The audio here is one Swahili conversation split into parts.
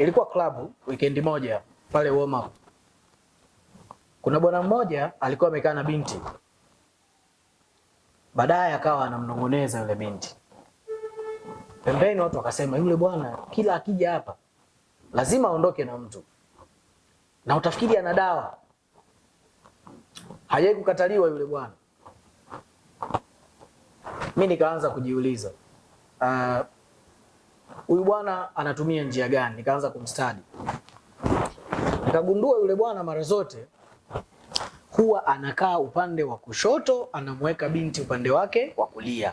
ilikuwa klabu weekend moja pale warm up. Kuna bwana mmoja alikuwa amekaa na binti, baadaye akawa anamnongoneza yule binti pembeni. Watu wakasema yule bwana kila akija hapa lazima aondoke na mtu, na utafikiri ana dawa. Hajai kukataliwa yule bwana. Mi nikaanza kujiuliza uh, huyu bwana anatumia njia gani? Nikaanza kumstadi, nikagundua yule bwana mara zote huwa anakaa upande wa kushoto, anamweka binti upande wake wa kulia.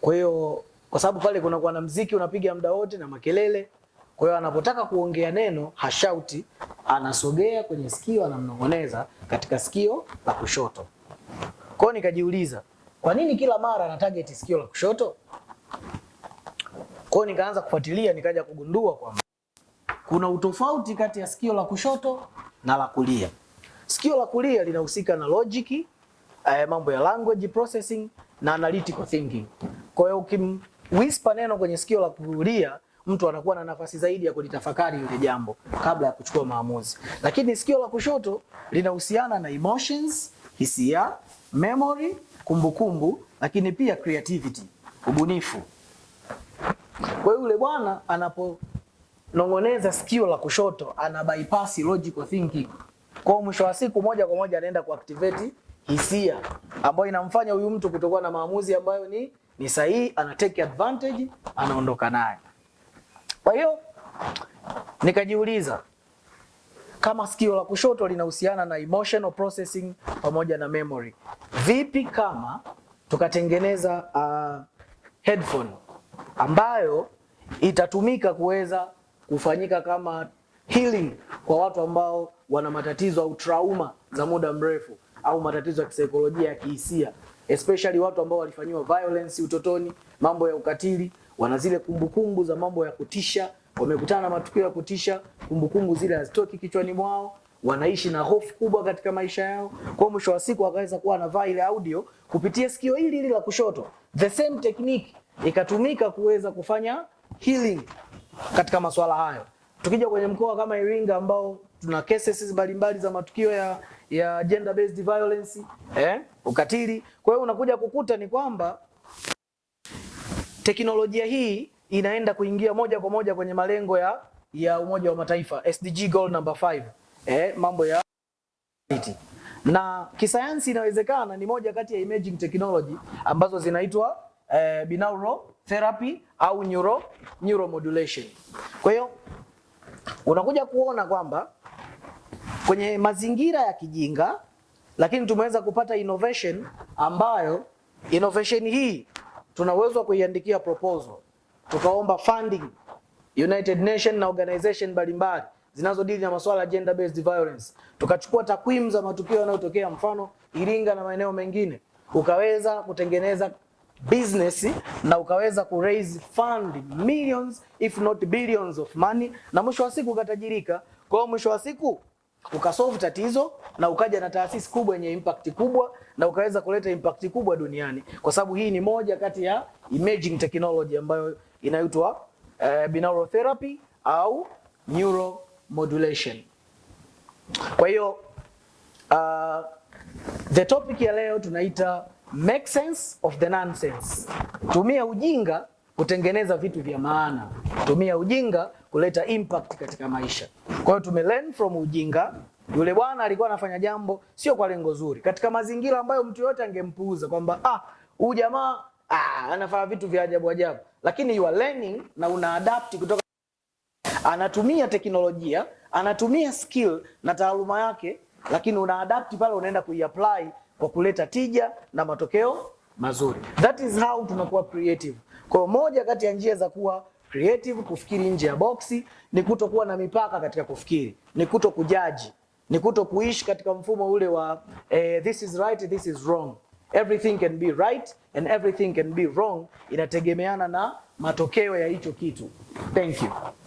Kwa hiyo kwa sababu pale kunakuwa na mziki unapiga muda wote na makelele, kwa hiyo anapotaka kuongea neno hashauti, anasogea kwenye sikio, anamnongoneza katika sikio la kushoto. Kwa hiyo nikajiuliza, kwa nini kila mara ana target sikio la kushoto? Kwa hiyo nikaanza kufuatilia, nikaja kugundua kwamba kuna utofauti kati ya sikio la kushoto na la kulia. Sikio la kulia linahusika na logic, eh, mambo ya language processing na analytical thinking. Kwa hiyo ukim whisper neno kwenye sikio la kulia mtu anakuwa na nafasi zaidi ya kulitafakari ile jambo kabla ya kuchukua maamuzi. Lakini sikio la kushoto linahusiana na emotions, hisia, memory, kumbukumbu kumbu, lakini pia creativity, ubunifu. Kwa hiyo yule bwana anaponong'oneza sikio la kushoto ana bypass logical thinking. Kwa hiyo mwisho wa siku moja kwa moja anaenda kuactivate hisia ambayo inamfanya huyu mtu kutokuwa na maamuzi ambayo ni ni sahihi, ana take advantage, anaondoka naye. Kwa hiyo nikajiuliza kama sikio la kushoto linahusiana na emotional processing pamoja na memory, vipi kama tukatengeneza uh, headphone ambayo itatumika kuweza kufanyika kama healing kwa watu ambao wana matatizo au trauma za muda mrefu au matatizo ya kisaikolojia ya kihisia, especially watu ambao walifanyiwa violence utotoni, mambo ya ukatili, wana zile kumbukumbu za mambo ya kutisha, wamekutana na matukio ya kutisha, kumbukumbu zile hazitoki kichwani mwao, wanaishi na hofu kubwa katika maisha yao. Kwa mwisho wa siku, wakaweza kuwa anavaa ile audio kupitia sikio hili hili la kushoto, the same technique ikatumika kuweza kufanya healing katika masuala hayo. Tukija kwenye mkoa kama Iringa ambao tuna cases mbalimbali za matukio ya, ya gender based violence eh, ukatili. Kwa hiyo unakuja kukuta ni kwamba teknolojia hii inaenda kuingia moja kwa moja kwenye malengo ya, ya Umoja wa Mataifa SDG goal number 5 eh, mambo ya na kisayansi inawezekana ni moja kati ya imaging technology ambazo zinaitwa eh, binaural therapy au neuro neuromodulation. Kwa hiyo unakuja kuona kwamba kwenye mazingira ya kijinga, lakini tumeweza kupata innovation ambayo innovation hii tunaweza kuiandikia proposal, tukaomba funding United Nation na organization mbalimbali zinazodili na masuala ya gender based violence, tukachukua takwimu za matukio yanayotokea mfano Iringa na maeneo mengine, ukaweza kutengeneza business na ukaweza ku raise fund millions if not billions of money, na mwisho wa siku ukatajirika. Kwa hiyo mwisho wa siku ukasolve tatizo na ukaja na taasisi kubwa yenye impact kubwa na ukaweza kuleta impact kubwa duniani, kwa sababu hii ni moja kati ya imaging technology ambayo inaitwa uh, eh, binaural therapy au neuro modulation. Kwa hiyo uh, the topic ya leo tunaita make sense of the nonsense. Tumia ujinga kutengeneza vitu vya maana, tumia ujinga kuleta impact katika maisha. Kwa hiyo tume learn from ujinga. Yule bwana alikuwa anafanya jambo sio kwa lengo zuri, katika mazingira ambayo mtu yote angempuuza kwamba ah, huyu jamaa ah, anafanya vitu vya ajabu ajabu, lakini you are learning na una adapt kutoka anatumia teknolojia, anatumia skill na taaluma yake, lakini una adapt pale, unaenda kuiapply kwa kuleta tija na matokeo mazuri. That is how tunakuwa creative. Kwa moja kati ya njia za kuwa creative, kufikiri nje ya boksi, ni kutokuwa na mipaka katika kufikiri, ni kuto kujaji, ni kuto kuishi katika mfumo ule wa eh, this is right, this is wrong. Everything can be right and everything can be wrong, inategemeana na matokeo ya hicho kitu. Thank you.